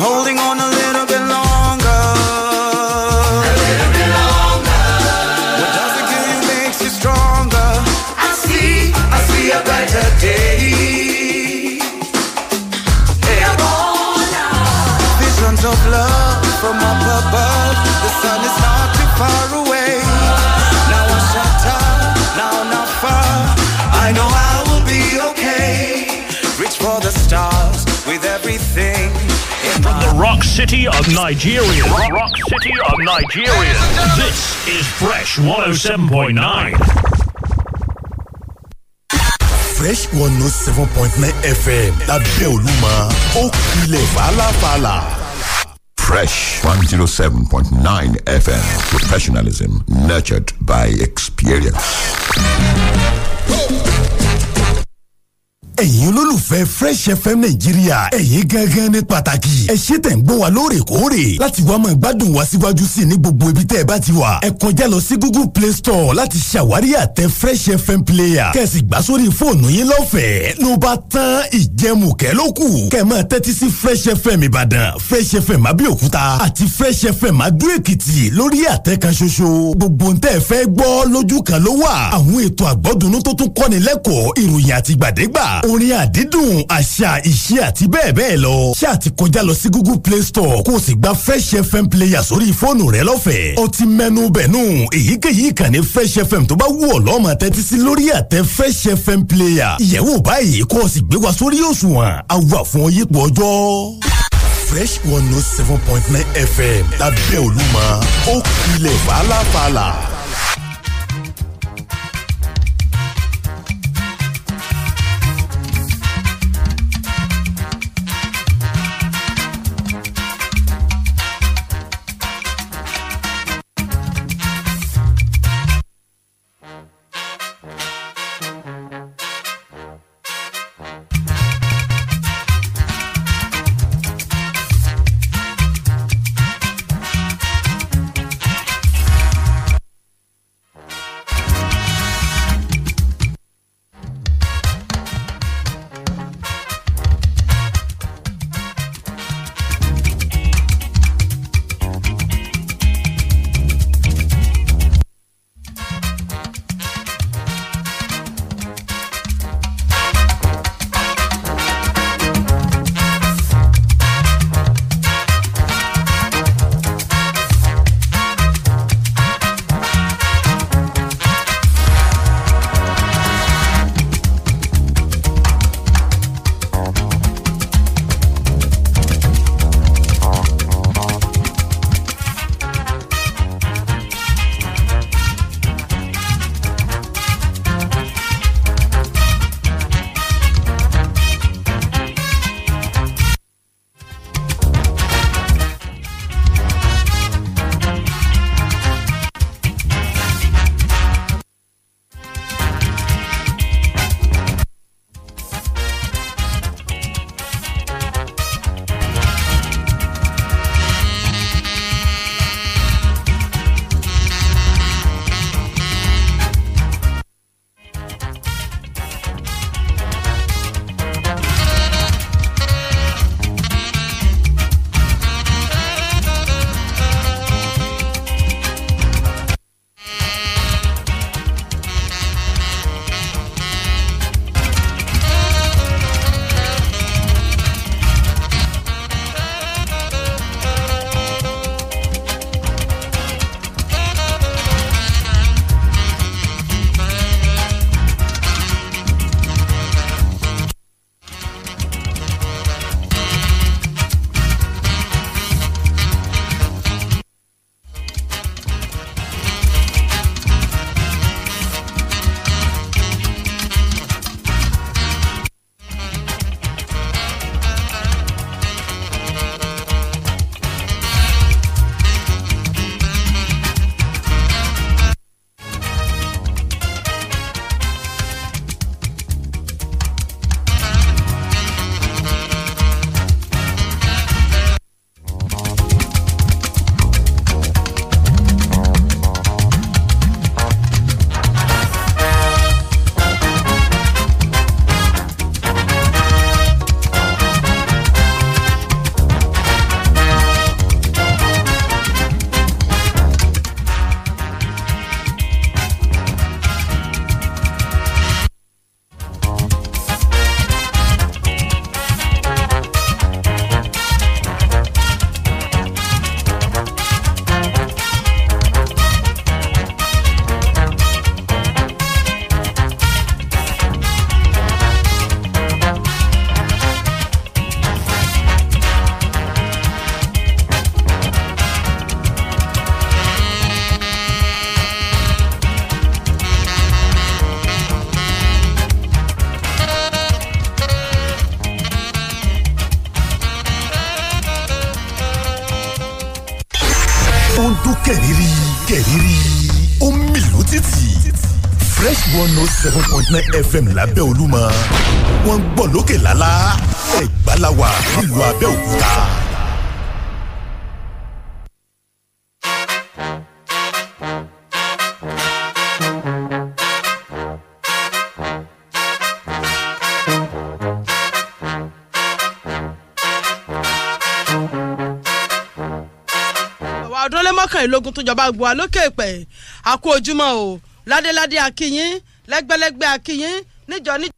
holding on. City of Nigeria. Rock, City of Nigeria. This is Fresh 107.9. Fresh 107.9 FM lábẹ́ Olúmọ ó kulẹ̀ fàlàfàlà. Fresh 107.9 FM. Professionalism nurtured by experience. ẹ̀yin olólùfẹ́ Fresh FM Nàìjíríà ẹ̀yin gangan ní pàtàkì ẹ ṣé tẹ̀ ń gbọ́ wa lóòrèkóòrè láti wá máa gbádùn wa síwájú sí ní gbogbo ibi tẹ́ ẹ bá ti wà ẹ kọjá lọ sí Google Play Store láti ṣàwárí àtẹ Fresh FM player kẹ́sì gbà sórí fóònù yín lọ́fẹ̀ẹ́ ló bá tán ìjẹmùkẹ́ ló kù kẹ́ máa tẹ́tí sí Fresh FM Ìbàdàn Fresh FM Abẹ́òkúta àti Fresh FM Adó-Èkìtì lórí àtẹ kan ṣoṣo gbogbo ń tẹ́ fẹ́ gbọ́ lójú kan ló wà àwọn ètò àgbọ́dúnú tó tún kọ́ni lẹ́kọ̀ọ́ ìròyìn orin àdídùn àṣà ìṣe àti bẹ́ẹ̀ bẹ́ẹ̀ lọ ṣé àti kọjá lọ sí google play store kó o sì gba fresh fm player sórí fóònù rẹ lọ́fẹ̀ẹ́ ó ti mẹ́nu bẹ̀nù èyíkéyìí ìkànnì fresh fm tó bá wù ọ́ lọ́ọ́ máa tẹ́tí sí lórí àtẹ fresh fm player ìyẹ̀wò báyìí kó o sì gbé wa sórí òṣùwọ̀n àwa fún ọyípo ọjọ́. fresh one note oh seven point nine fm lábẹ́ olúmọ ó kilẹ̀ fàlàfàlà. nine fm lábẹ́ olúmọ wọ́n ń gbọ́ lókè lálá Ẹ̀gbá la wà nílùú Abẹ́òkúta. ọdún lé mọ́kànlélógún tó jọba gbọ́ wa lókè pẹ̀ àkó ojúmọ́ o ládéládé akínyín lẹ́gbẹ́lẹ́gbẹ́ akínyín níjọ níjọ.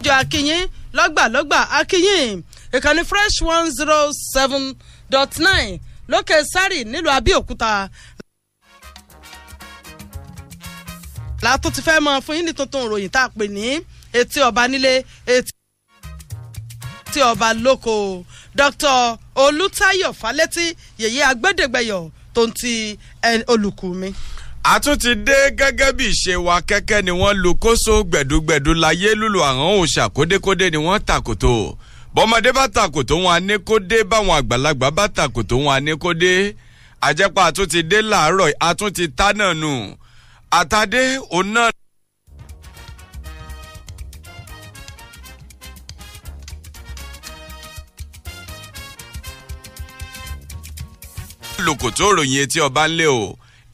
ìjọ akínyín lọ́gbàlọ́gbà akínyìn ìkànnì fresh one zero seven dot nine lókè sárì nílùú abẹ́òkúta. látún ti fẹ́ mọ fún yín ní tuntun ìròyìn tá a pè ní etí ọba nílé etí ọba lóko dr olùtayọ falẹ́tí yèyé agbẹ́dẹ́gbẹ́yọ̀ tó ń ti eh, olùkù mi. a dé gẹ́gẹ́ bí ìṣe wa kẹ́kẹ́ ni wọ́n lu kóso gbẹ̀dúgbẹ̀dú láyé lùlù àrùn òòṣà kódékódé ni wọ́n tàkòtò bọ́mọdé bá tàkòtò wọn anékódé báwọn àgbàlagbà bá tàkòtò wọn anékódé àjẹpà a tún ti dé làárọ̀ a tún ti tá nù àtàdé òun náà. lòkò tó ròyìn etí ọba ńlẹ̀ o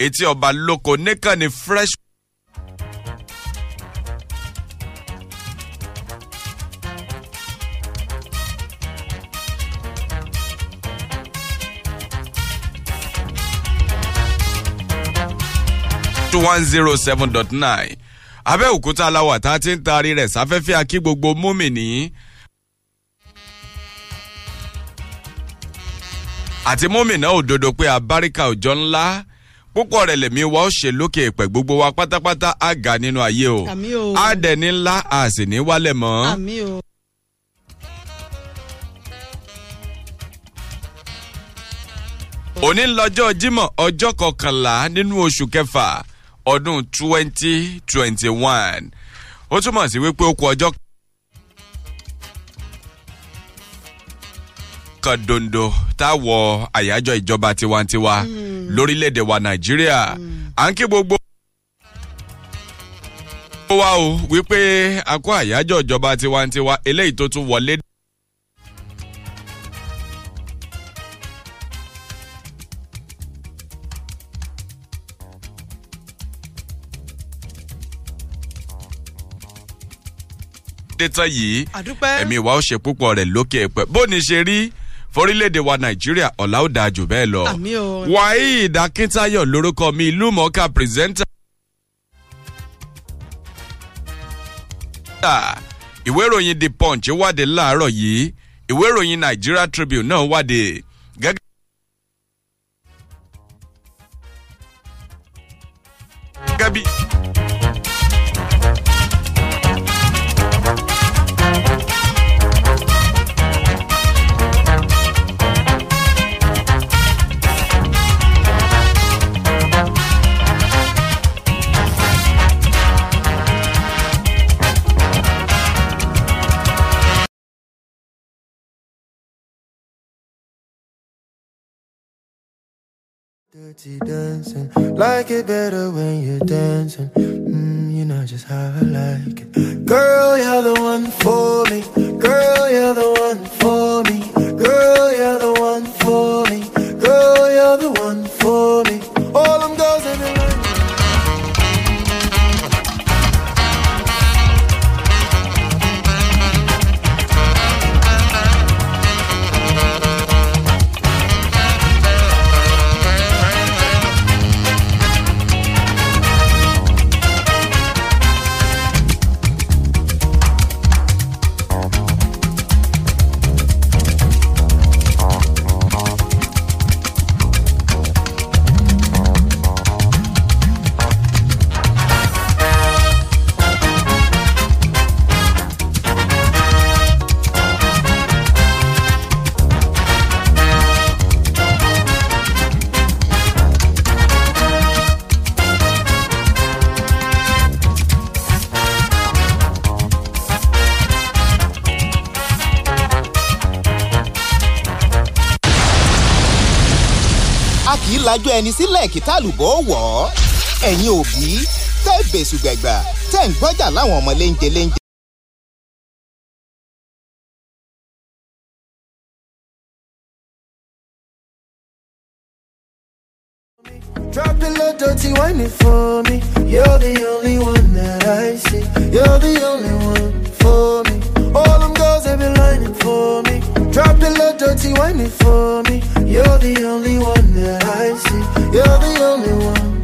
etí ọba lóko nìkan ni fresh. one zero seven dot nine abẹ́òkúta aláwọ̀ tá a ti ń taari rẹ̀ sáfẹ́fẹ́ akí gbogbo mọ́mìnì àti mọ́mìnà òdodo pé abáríkà òjò ńlá púpọ̀ rẹ̀ lèmi wa ó ṣe lókè ìpẹ́ gbogbo wa pátápátá á ga nínú ayé o á dẹ̀ ní ńlá a sì ní wálẹ̀ mọ́. òní lọ́jọ́ jímọ̀ ọjọ́ kọkànlá nínú oṣù kẹfà ọdún twenty twenty one ó túmọ̀ sí wípé ó kù ọjọ́ kan. kan dondo tá a wọ àyájọ́ ìjọba tiwantiwa hmm. lórílẹ̀‐èdè wa nàìjíríà à ń kí gbogbo. ó wá o wípé a kó àyájọ́ ìjọba tiwantiwa eléyìí tó tún wọlé. dé tán ẹ̀mí wa ó ṣe púpọ̀ rẹ̀ lókè ẹ̀pẹ̀ bó ni ṣe rí forílẹ̀-èdè wa nàìjíríà ọ̀la ó dáa jù bẹ́ẹ̀ lọ. wàhíì ìdákíntayọ̀ lórúkọ mi ìlú mọ̀ọ́ká pírẹsẹ́ńtà. Ah, ìwé ìròyìn the punch wádìí láàárọ̀ yìí ìwé ìròyìn nigeria tribune náà wádìí dancing, like it better when you're dancing. Mm, you know just how I like it. Girl, you're the one for me. Girl, you're the one. kì í lajú ẹni sílẹ̀ kí tálùbọ̀ wọ̀ ọ́ ẹ̀yin òbí tẹ́ bẹ̀sùgbẹ̀gbà tẹ́ ń gbọ́jà láwọn ọmọ léńjẹ léńjẹ. Drop a little dirty whining for me. You're the only one that I see. You're the only one for me. All them girls they been lining for me dirty, wine, it for me. You're the only one that I see. You're the only one.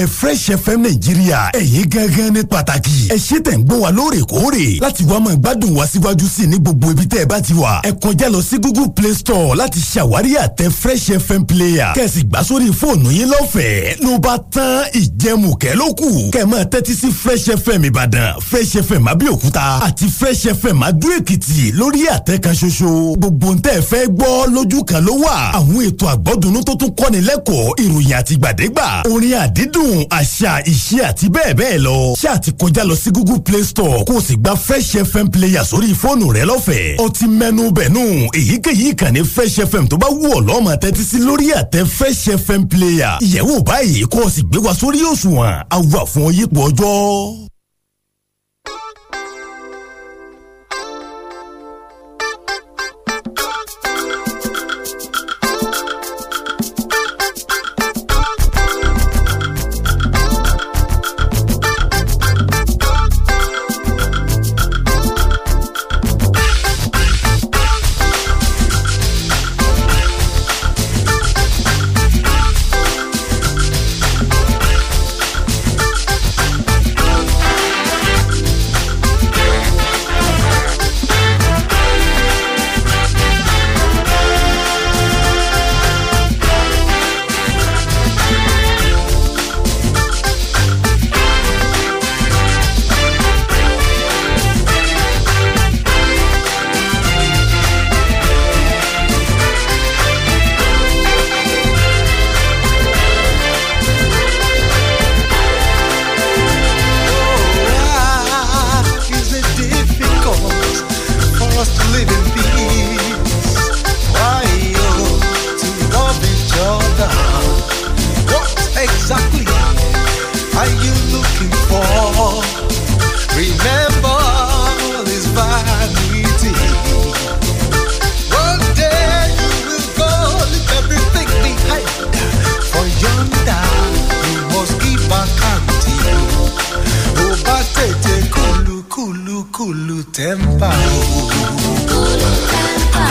olólùfẹ́ fresh fm nàìjíríà èyí gángan ní pàtàkì ẹ ṣe tẹ̀ ń gbọ́ wa lóòrèkóòrè láti wá máa gbádùn wa síwájú sí ní gbogbo ibi tẹ́ ẹ bá ti wà ẹ kọjá lọ sí google play store láti ṣàwárí àtẹ fresh fm player kẹ́sì gbà sórí fóònù yín lọ́fẹ̀ẹ́ ló bá tán ìjẹmùkẹ́ ló kù kẹ́ máa tẹ́tí sí fresh fm ìbàdàn fresh fm abẹ́òkúta àti fresh fm adó-èkìtì lórí àtẹ kan ṣoṣo gbogbo ntẹ́ fẹ́ gbọ́ lójú kan ló wà àwọn ètò àgbọ́dùnú tó tún kọ́ni lẹ́kọ̀ọ́ ìròyìn àtìgbàdégbà orin àdídùn gbádùn àṣà ìṣe àti bẹ́ẹ̀ bẹ́ẹ̀ lọ. ṣé àti kọjá lọ sí google play store kó o sì gba fresh fm player sórí fóònù rẹ lọ́fẹ̀ẹ́. o ti mẹ́nu bẹ̀nu èyíkéyìí ìkànnì fresh fm tó bá wù ọ́ lọ́mọ tẹ́tí sí lórí àtẹ fresh fm player. ìyẹ̀wò báyìí kó o sì gbé wa sórí òṣùwọ̀n àwa fún ọyẹ́pọ̀ ọjọ́. Kukulu Tempa. Kukulu Tempa.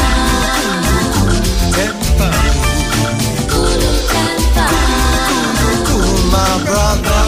Tempa. Kukulu Tempa. kulu my brother.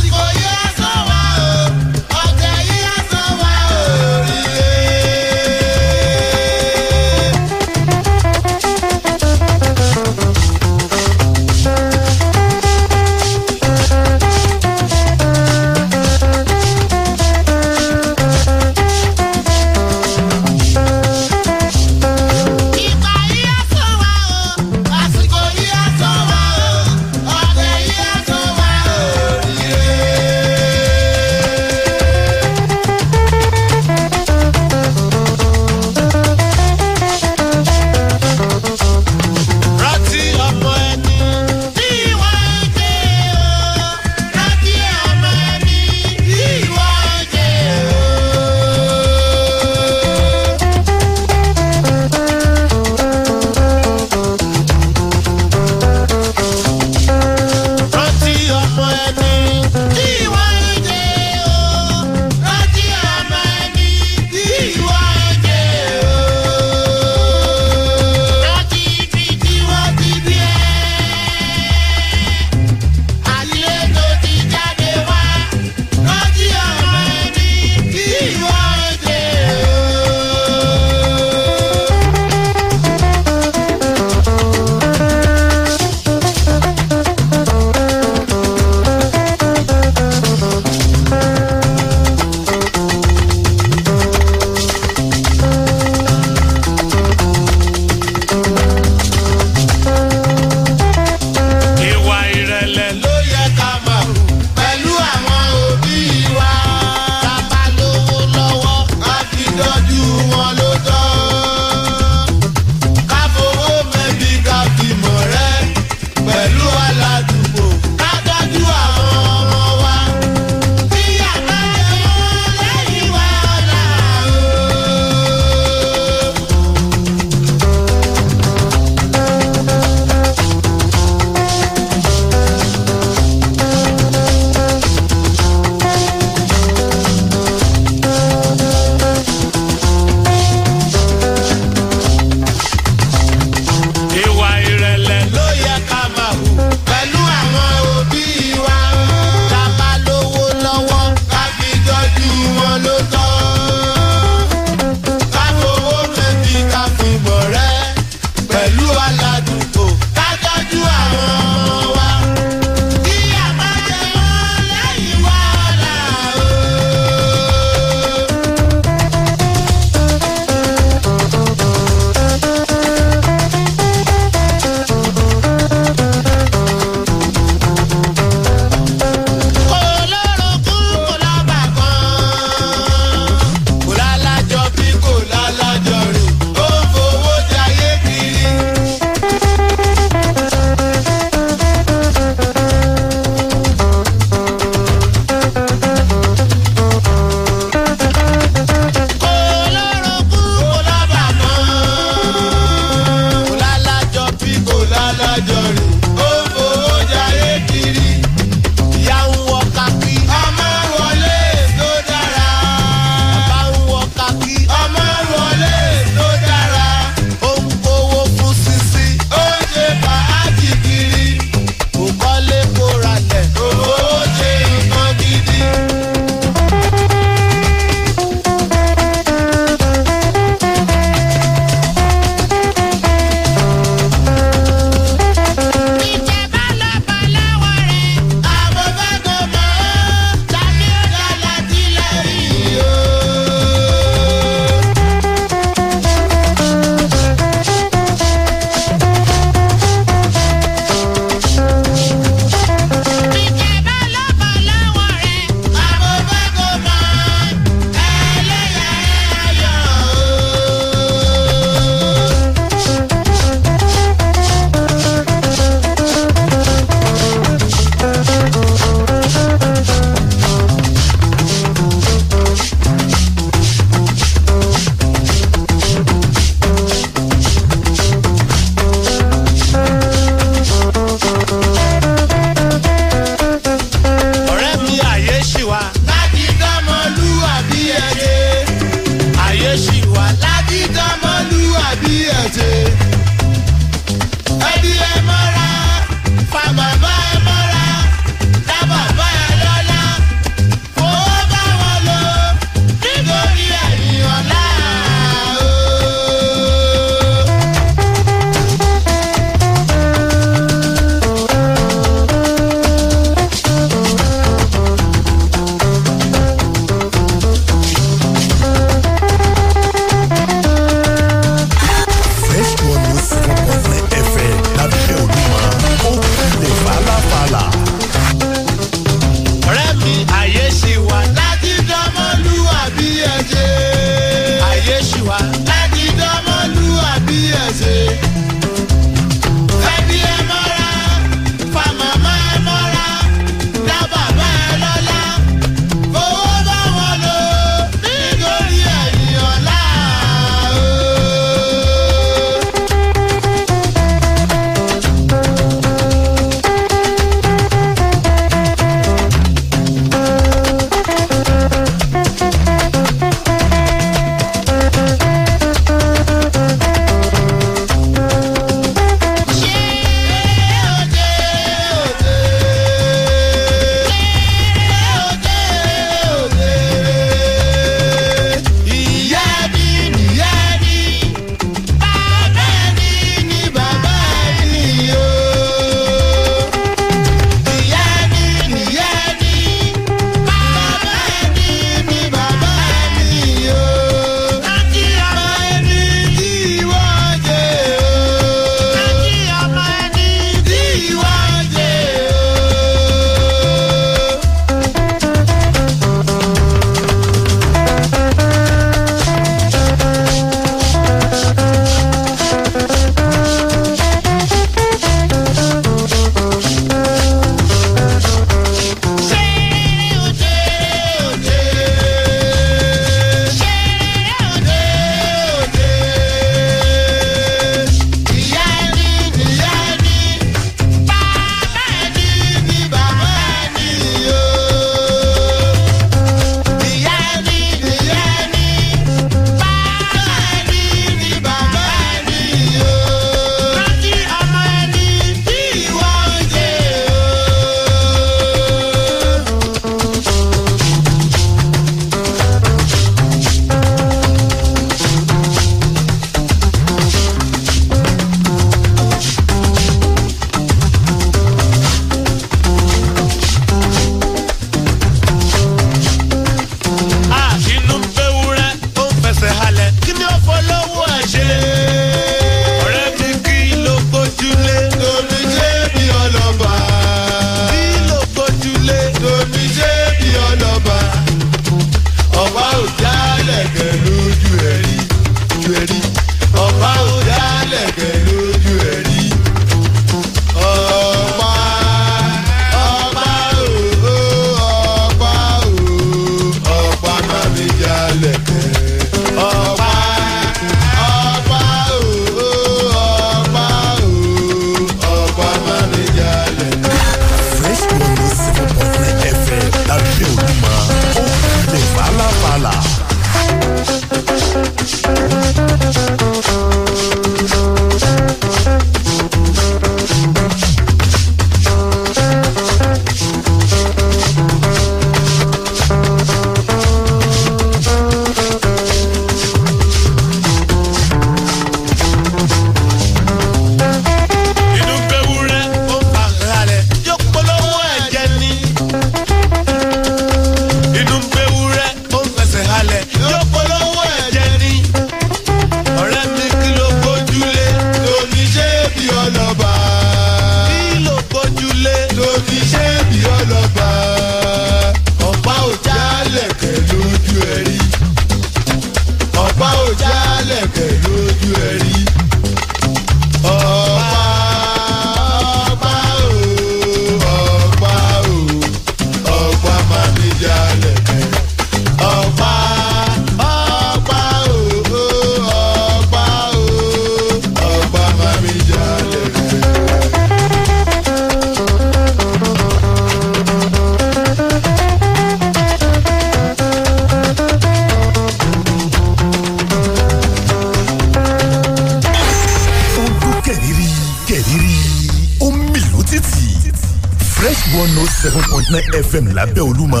fm lábẹ́ olúmọ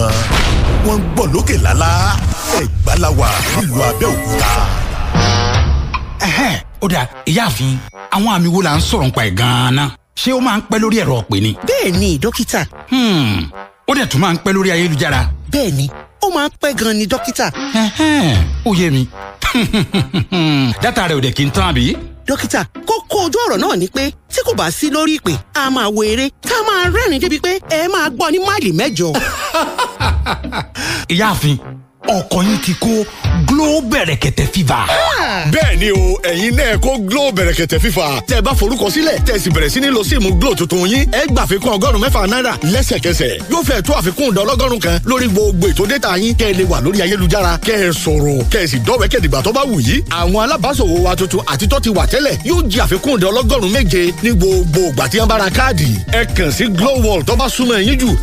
wọ́n ń gbọ́ lókè lálá ẹ̀gbá la wà nílùú abẹ́òkúta. ó dà ìyáàfin àwọn àmì wo la ń sọ̀rọ̀ nípa ẹ̀ gan-an náà ṣé ó máa ń pẹ́ lórí ẹ̀rọ ọ̀pẹ ni. bẹ́ẹ̀ni dókítà. Hmm, ó dẹ̀ tún máa ń pẹ́ lórí ayélujára. bẹ́ẹ̀ni ó máa ń pẹ́ gan-an ni dókítà. ó yé mi dátà rẹ̀ ò dẹ̀ kí n tán àbí. dókítà kókó ojú ọ̀rọ̀ náà ni pé tí kò bá sí lórí ìpè a máa wo eré tá máa rẹ́rìn-ín débi pé ẹ máa gbọ́ ní máìlì mẹ́jọ. ìyáàfin ọkọ yín ti kó Glow bẹ̀rẹ̀kẹ̀tẹ̀ fífa. Ah. bẹ́ẹ̀ni o ẹ̀yin náà kó Glow bẹ̀rẹ̀kẹ̀tẹ̀ fífa tẹ́ bá forúkọ sílẹ̀ tẹ́ sì bẹ̀rẹ̀ sí ní lọ síìmù Glow tuntun yín ẹ gbà àfikún ọgọ́rùn mẹ́fà náírà lẹ́sẹ̀kẹsẹ̀ yóò fẹ́ tó àfikún ìdá ọlọ́gọ́rùn kan lórí gbogbo ètò déta yín kẹ́ ẹ lè wà lórí ayélujára kẹ́ ẹ sọ̀rọ̀ kẹ́ ẹ sì dọ̀wẹ́ kẹ́dìgbà tó bá wù yí àwọn alábàáṣòwò wa tuntun àti tó ti wà tẹ́lẹ̀ yóò jẹ àfikún ìdá ọlọ́gọ́rùn méje ní gbogbo ìgbà tí wọ́n bá ra káàdì ẹ kàn sí Glow World tó bá súnmọ́ ẹ̀yìn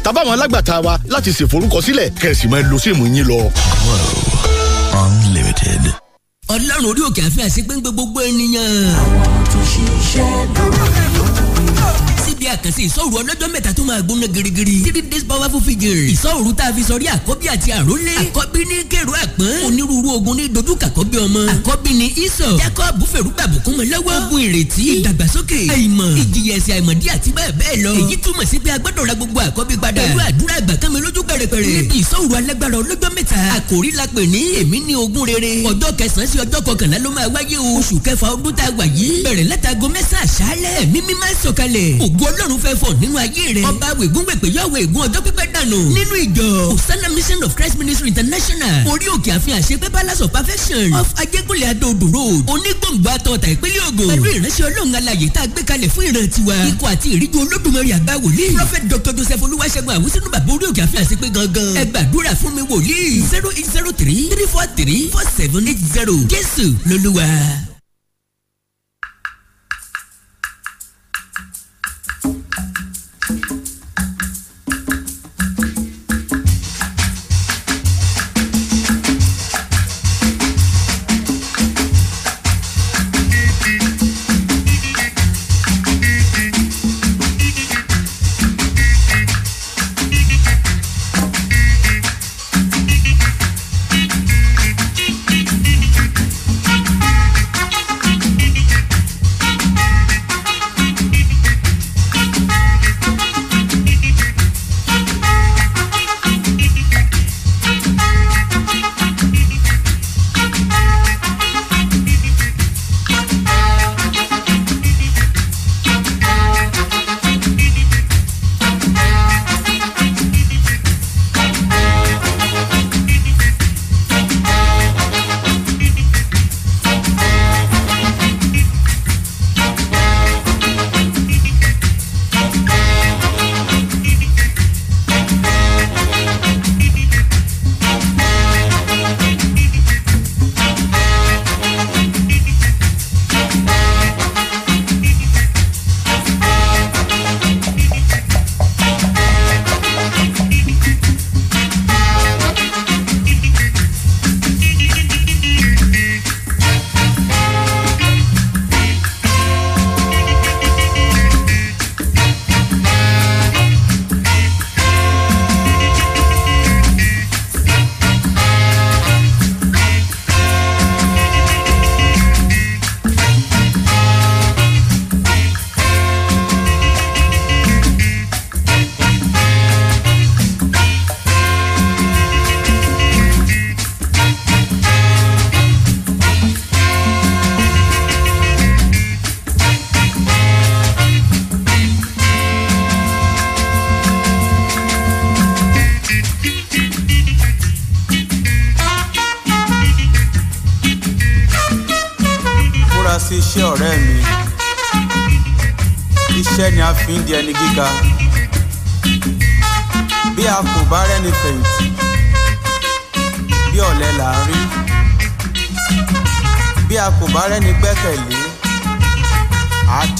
lo Limited. ọlọ́run orí òkè àfihàn sí pé gbogbo ènìyàn. àwọn tó ṣiṣẹ́ lọ́wọ́ ìpàdé àkànṣe ìsọ̀rù ọlọ́jọ́ mẹ́ta tó máa gbóná girigiri three days powerful figure ìsọ̀rù tá a fi sọrí àkọ́bí àti àrólé àkọ́bí ní kérò àpọ́n onírúurú ogun ní dojúkà kọ́bí ọmọ àkọ́bí ní isọ̀ jacob fèrúgbà bùkúnmọ́ lọ́wọ́ ogun ìrètí ìdàgbàsókè àìmọ̀ ìjìyà ẹ̀sìn àìmọ̀dí àti bẹ́ẹ̀ bẹ́ẹ̀ lọ èyí túmọ̀ sí pé a gbọ́dọ̀ ra gbogbo àkọ́bí padà pẹ̀lú àdúrà ìgbàkánmi lójú pẹ̀rẹ̀pẹ̀rẹ̀ níbi ìsọ̀rù alágbára ọlọ́jọ́ mẹ́ta àkòrí la pè ní èmi ní ogún rere ọjọ́ kẹsàn-án sí ọjọ́ kọkànlá ló máa wáyé o oṣù kẹfà a wà yìí bẹ̀rẹ̀ látago mẹ́sàn-án àṣálẹ̀ mímí máa ọlọ́run fẹ́ fọ̀ nínú ayé rẹ̀ ọba wègún wèpè yọ wọ ègún ọjọ́ pípẹ́ dànù nínú ìjọ osana mission of christ ministry international orí òkè àfihàn àṣepẹ́ palace of perfection off ajégúnlẹ̀ adóodò road onígbòǹgbò àtọ̀tà ìpínlẹ̀ ògùn pẹ̀lú ìránṣẹ́ ọlọ́run alàyè tá a gbé kalẹ̀ fún ìrántí wa ikọ̀ àti ìríjú olódùmarè àgbà wòlíì prophet dr joseph olúwaṣẹ́gun àwùsínú bàbá orí òkè àfihàn àṣepẹ́ gangan ẹ gbàdúrà fún mi wòlíì zero eight zero three three four three four seven eight zero jésù lolúwa.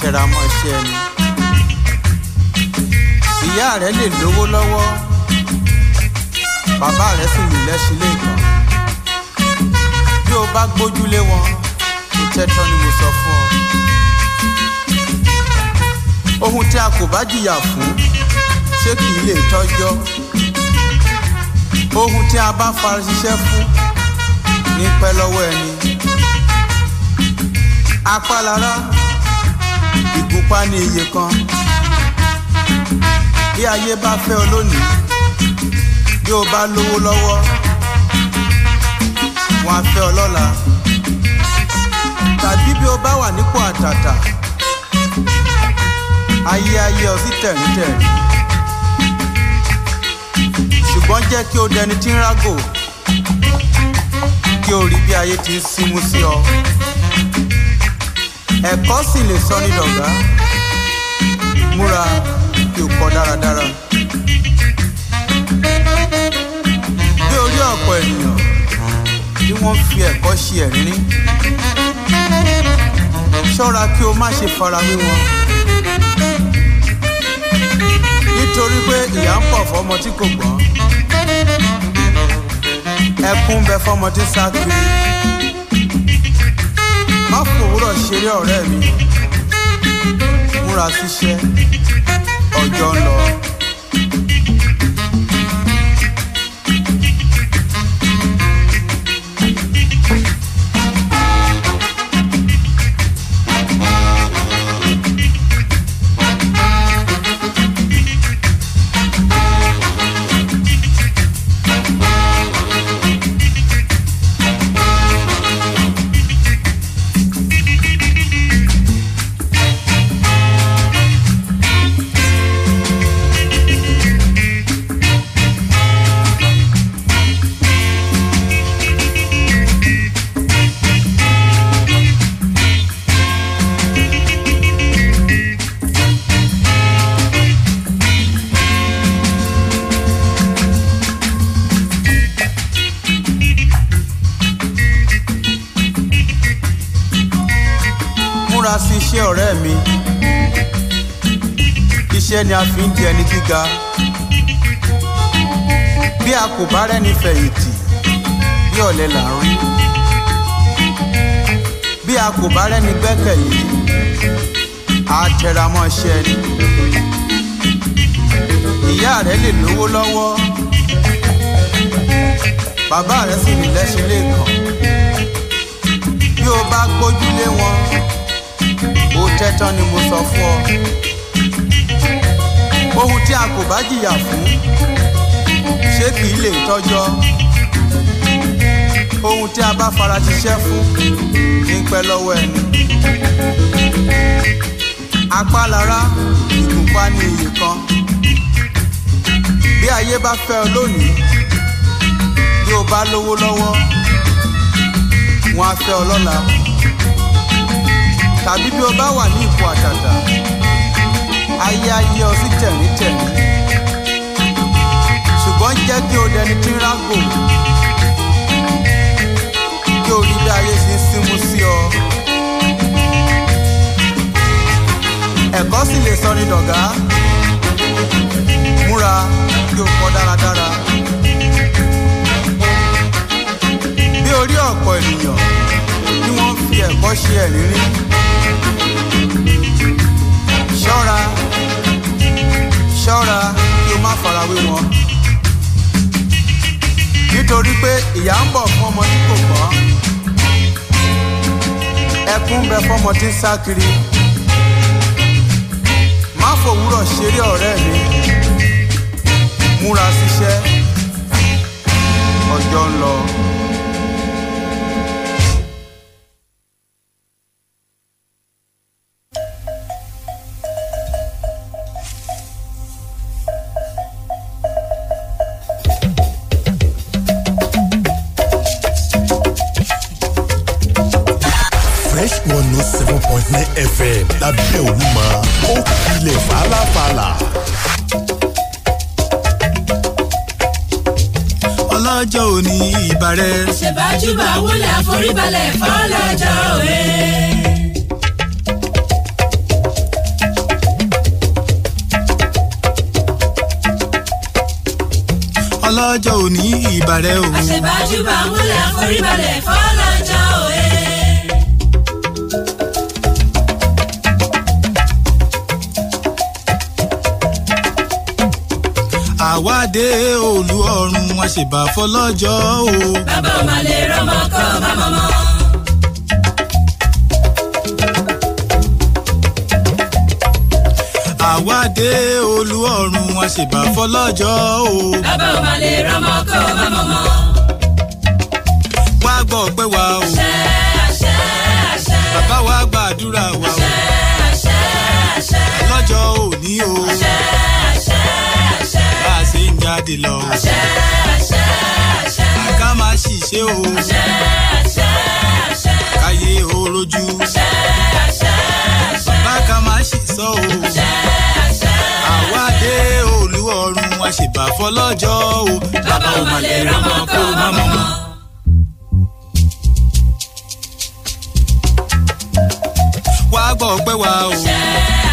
tẹra mọ́ ni, ẹni. ìyá rẹ lè lówó lọ́wọ́ bàbá rẹ sì lù lẹ́sìn lè gbọ́n bí o bá gbójúlé wọn kò tẹ́tọ́ ni mo sọ fún ọ. ohun tí a kò bá jìyà fún ṣé kì í lè tọ́jọ́ ohun tí a bá fara ṣiṣẹ́ fún ní pẹ́ lọ́wọ́ ẹni apá lára pupa ní iye kan bí ayé bá fẹ́ ọ lónìí bí o bá lówó lọ́wọ́ wọn á fẹ́ ọ lọ́la tàbí bí o bá wà nípò àtàtà ayé ayé ọ sí tẹ̀rìntẹ̀rìn ṣùgbọ́n jẹ́ kí o dẹni tí ń rágò kí o rí bí ayé ti ń símú sí ọ ẹ̀kọ́ sì lè sọ ní dọ̀gá múra kí o kọ dáradára. bí orí ọ̀pọ̀ ènìyàn bí wọ́n fi ẹ̀kọ́ ṣe ẹ̀rín ní ṣọ́ra kí o má ṣe fara wé wọn. nítorí pé ìyà ń pọ̀ fọmọ tí kò gbọ́n ẹkún bẹ fọmọ tí sá kiri má fòwúrọ̀ ṣeré ọ̀rẹ́ mi múra síṣẹ́ ọjọ́ ń lọ. jẹ́ ni a fi ń di ẹni gíga bí a kò bá rẹ́ni fẹ̀yìntì bí ọ̀lẹ là ń rí bí a kò bá rẹ́ni gbẹ́kẹ̀lé a tẹra mọ́ iṣẹ́ ni ìyá rẹ lè lówó lọ́wọ́ bàbá rẹ sì ní lẹ́sẹ̀ lè kàn bí o bá gbójúlé wọn ó tẹ́tán ni mo sọ fún ọ ohun tí a kò bá jìyà fún ṣé kì í lè tọ́jọ́ ohun tí a bá fara ṣiṣẹ́ fún ní pẹ́ lọ́wọ́ ẹni. apálára ìgúnpá ní iyì kan bí ayé bá fẹ́ ọ lónìí bí o bá lówó lọ́wọ́ wọn á fẹ́ ọ lọ́la tàbí bí o bá wà ní ipò àtàtà ayé ayé ọ sí tẹ̀mítẹ̀mí ṣùgbọ́n jẹ́ kí o dẹni tí ń rágò kí o rí bí ayé ṣe ń símú sí ọ. ẹ̀kọ́ sì lè sọ ní dọ̀gá múra kí o kọ́ dáradára. bí orí ọ̀pọ̀ ènìyàn ni wọ́n fi ẹ̀kọ́ ṣe ẹ̀rín rí. ṣọ́ra ṣọ́ra kí o má farawé wọn. nítorí pé ìyà ń bọ̀ fún ọmọ tí kò gbọ́. ẹkún bẹ fọmọ tí ń sá kiri. má fòwúrọ̀ ṣeré ọ̀rẹ́ mi. múra síṣẹ́ ọjọ́ ń lọ. bàbá rẹ. ṣèbájúbà wọlé àforíbalẹ̀ fọlọ́jọ́ òwe. ọlọ́jọ́ òní ìbàrẹ̀ o. àṣebájúbà wọlé àforíbalẹ̀ fọlọ́jọ́. àwádé òòlù ọ̀run àṣebà fọlọ́jọ́ o. bàbá ọmọ lè rọmọ kọ́ bàbá ọmọ. àwádé òòlù ọ̀run àṣebà fọlọ́jọ́ o. bàbá ọmọ lè rọmọ kọ́ bàbá ọmọ. wá gbọ́ pé wà. jáde lọ. àṣẹ àṣẹ àṣẹ. àká máa ṣìṣe o. àṣẹ àṣẹ àṣẹ. káyé ó rojú. àṣẹ àṣẹ àṣẹ. báka máa ṣìṣọ o. àṣẹ àṣẹ. àwa dé olúwọ̀run wa ṣèbà fọlọ́jọ́ o. bàbá ò mà lè rọ́mọ kó má mọ́ mọ́. wàá gbọ́ pé wà o. àṣẹ.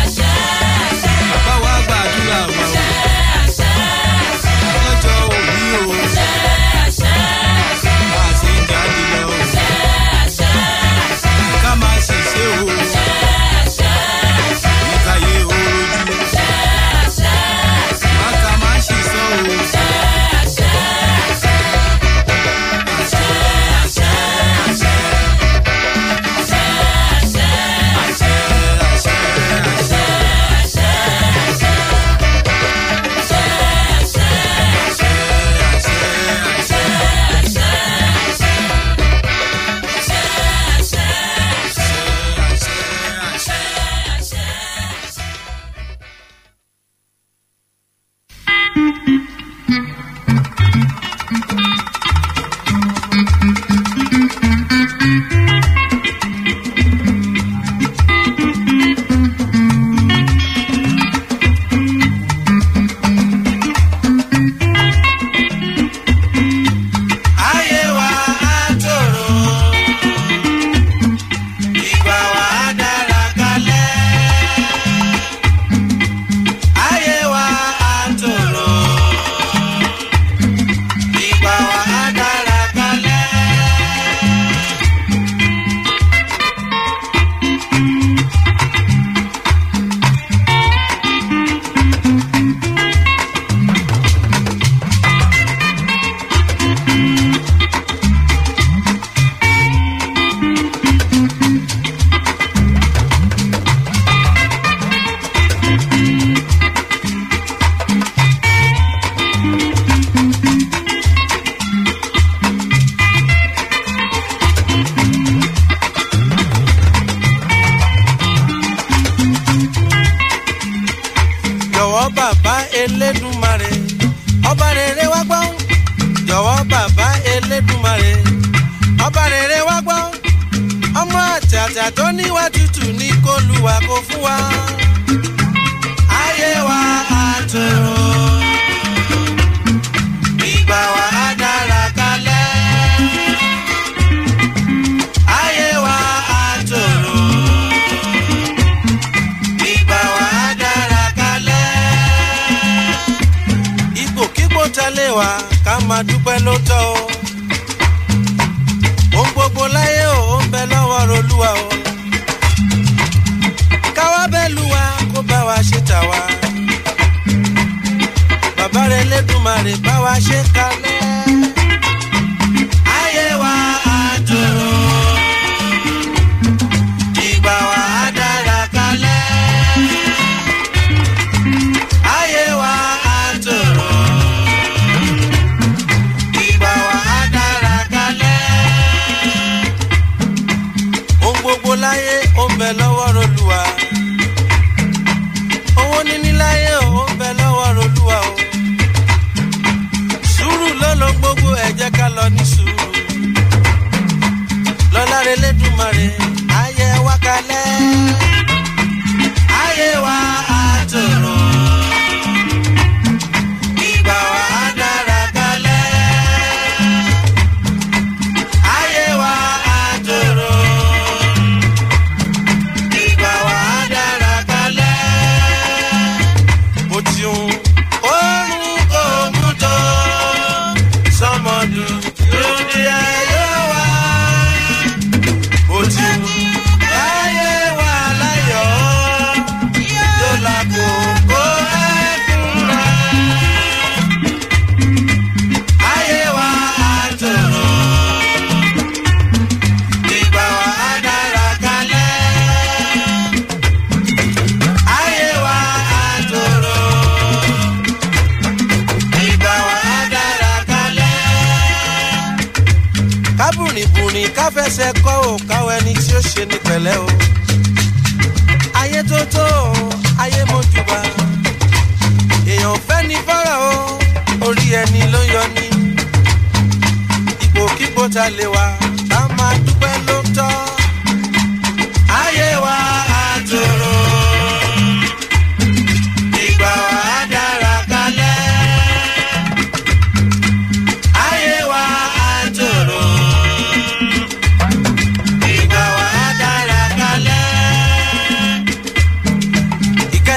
Lord,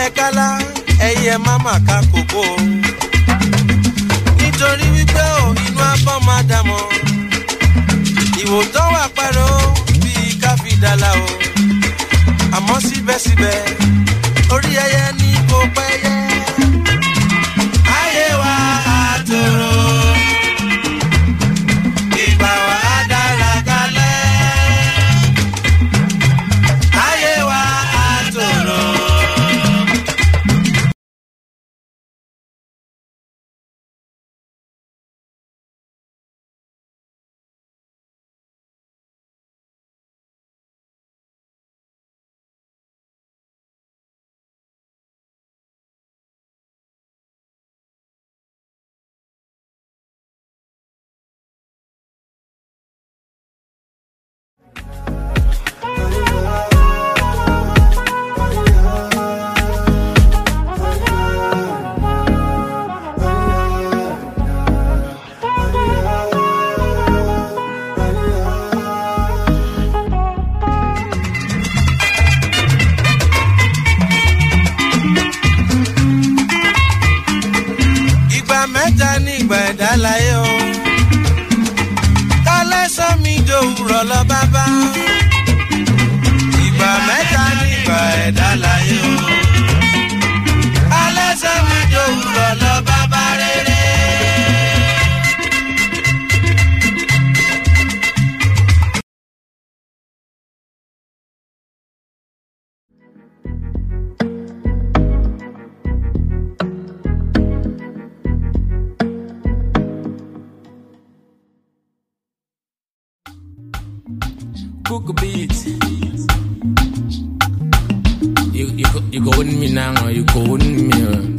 ẹ̀kálá ẹyẹ máma ká kókó. nítorí wípé ò inú abọ́ máa dàmọ́ ìwò tó wà parọ́ bíi káfí dàlà o àmọ́ síbẹ̀síbẹ̀ orí ẹyẹ ní kó pẹ́ yẹ. book beat. You you you go on me now, or you go on me.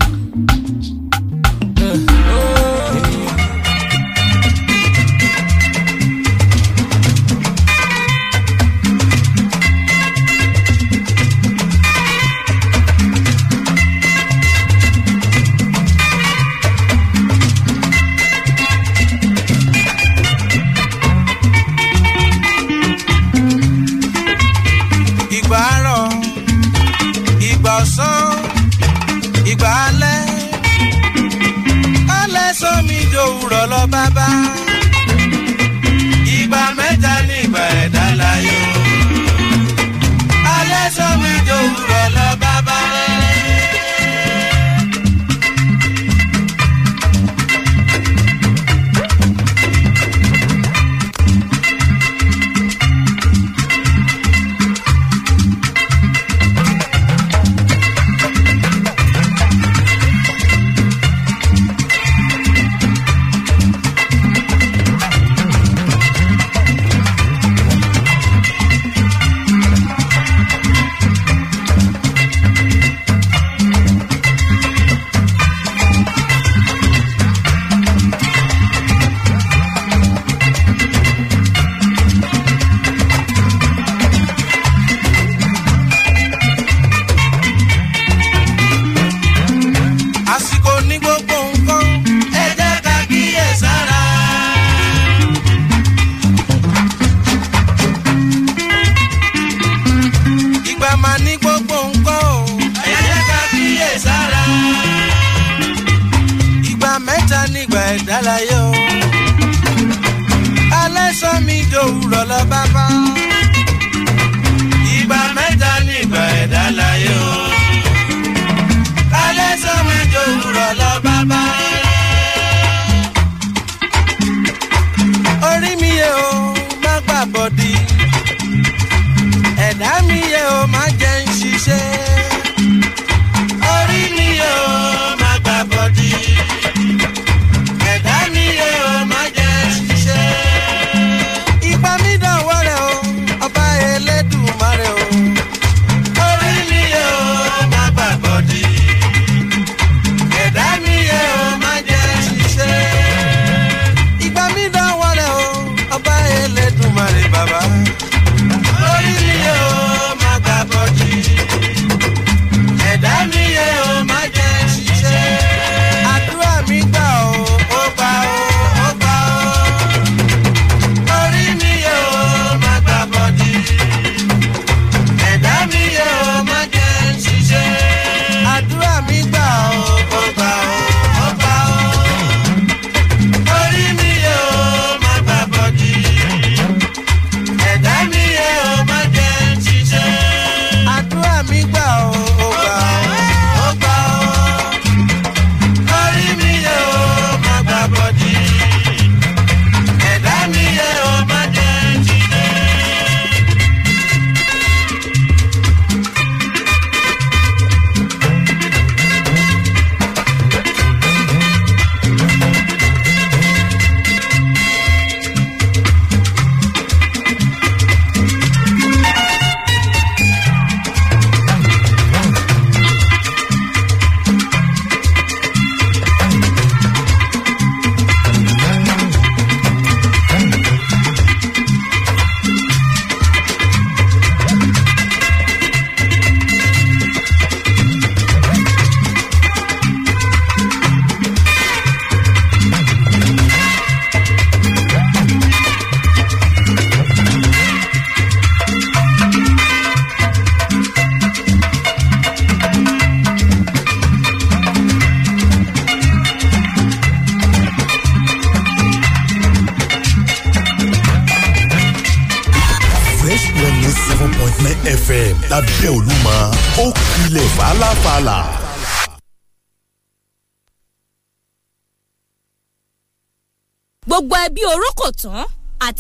ẹ̀dá nígbà ẹ̀dá láyé o. alẹ́ sọ mi dòwúrọ̀ lọ bá bá. ìgbà mẹ́ta nígbà ẹ̀dá láyé o. alẹ́ sọ mi dòwúrọ̀ lọ bá orí mi yẹ o má gbà ẹ̀dá mi yẹ o má jẹ́ ń ṣiṣẹ́.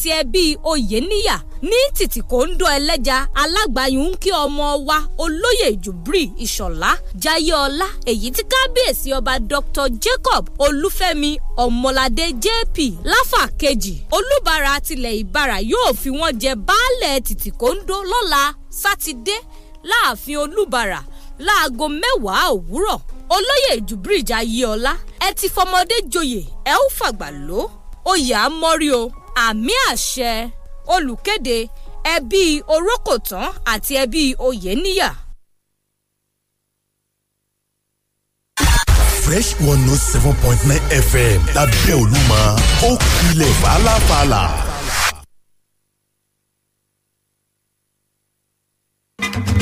àti ẹbí oyèníyà ní tìtìkóńdó ẹlẹ́ja alágbàyún ń kí ọmọ wa olóyè jùbrì ìṣọ̀lá jayéọlá èyí tí kábíyèsí ọba dr jacob olúfẹ́mi ọmọládé jp láfà kejì olúbara tilẹ̀ ìbàrà yóò fi wọ́n jẹ baálẹ̀ tìtìkóńdó lọ́la sátidé láàfin olúbara láago mẹ́wàá òwúrọ̀ olóyè jùbrì jayéọlá ẹ ti fọmọdé joyè ẹ ó fàgbà lọ oyè àmọ́rí o àmì àṣẹ olùkéde ẹbí orókòtán àti ẹbí oyèníyà. fresh one note oh seven point nine fm lábẹ́ olúmọ ó kulẹ̀ fàlàfàlà. thank you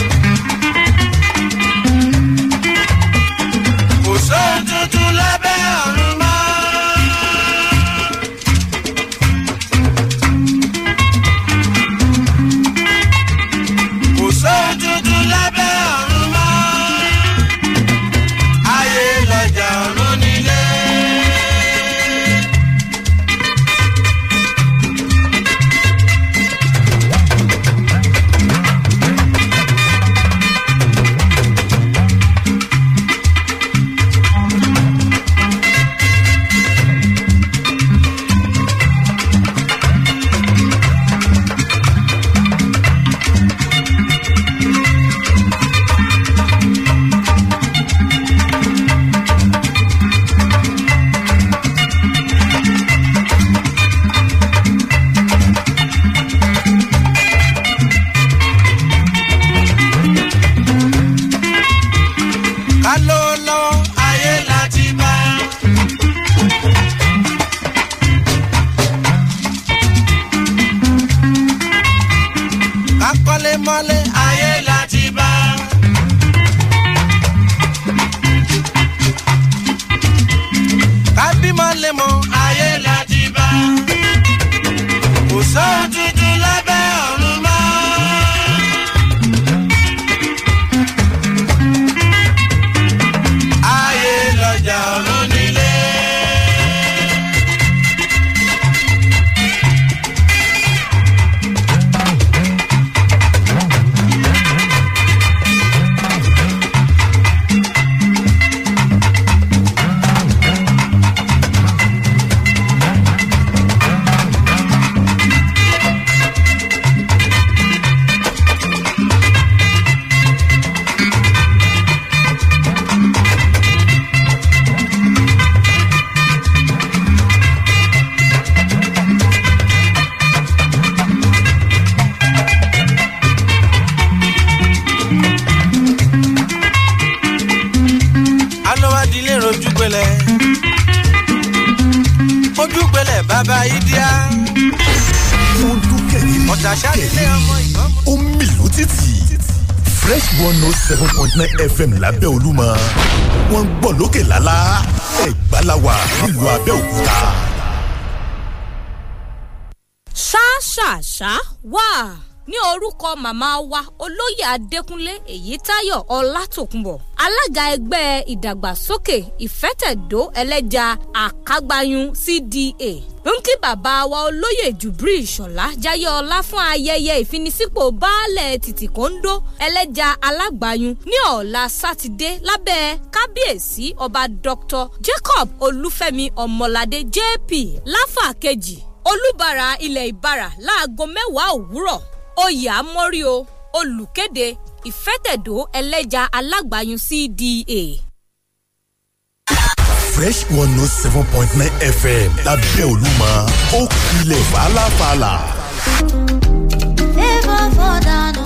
nine fm lábẹ́ olúmọ wọ́n ń gbọ́ lókè lálá ẹ̀gbá la wà nílùú abẹ́òkúta. ṣáṣáṣá wà. Wow ní orúkọ màmá wa olóyè adékúnlé èyítayọ ọlátòkùnbọ̀ alága ẹgbẹ́ ìdàgbàsókè ìfẹ́tẹ̀dó ẹlẹ́ja àkágbayún cda ń kí bàbá wa olóyè jubril ìṣọ̀lá jayé ọlá fún ayẹyẹ ìfinisípò baálẹ̀ tìtìkóńdó ẹlẹ́ja alágbayún ní ọ̀la sátidé lábẹ́ kábíyèsí ọba dr jacob olúfẹ́mi ọmọládé jp láfà kejì olúbàrà ilẹ̀ ìbàrà láago mẹ́wàá òwúrọ̀ oyè àmórí o olùkéde ìfẹ́tẹ̀dó ẹlẹ́ja alágbàyún cda. fresh one note oh seven point nine fm lábẹ́ olúmọ ó kilẹ̀ fàlàfàlà. ever fall down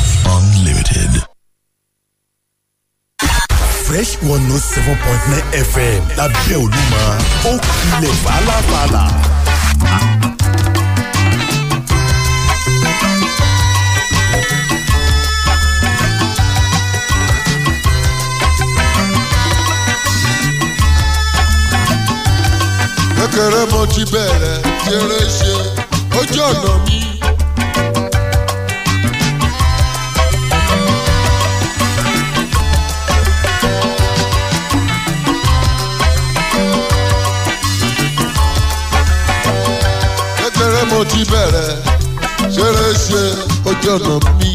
fresh one note oh seven point nine fm lábẹ́ olúmọ ó kulẹ̀ fàlàfàlà. kékeré mo ti bẹ̀rẹ̀ kéré ṣe ojú ọ̀nà mi. mo ti bẹ̀rẹ̀ ṣeré ṣe ojú ọ̀nà mi.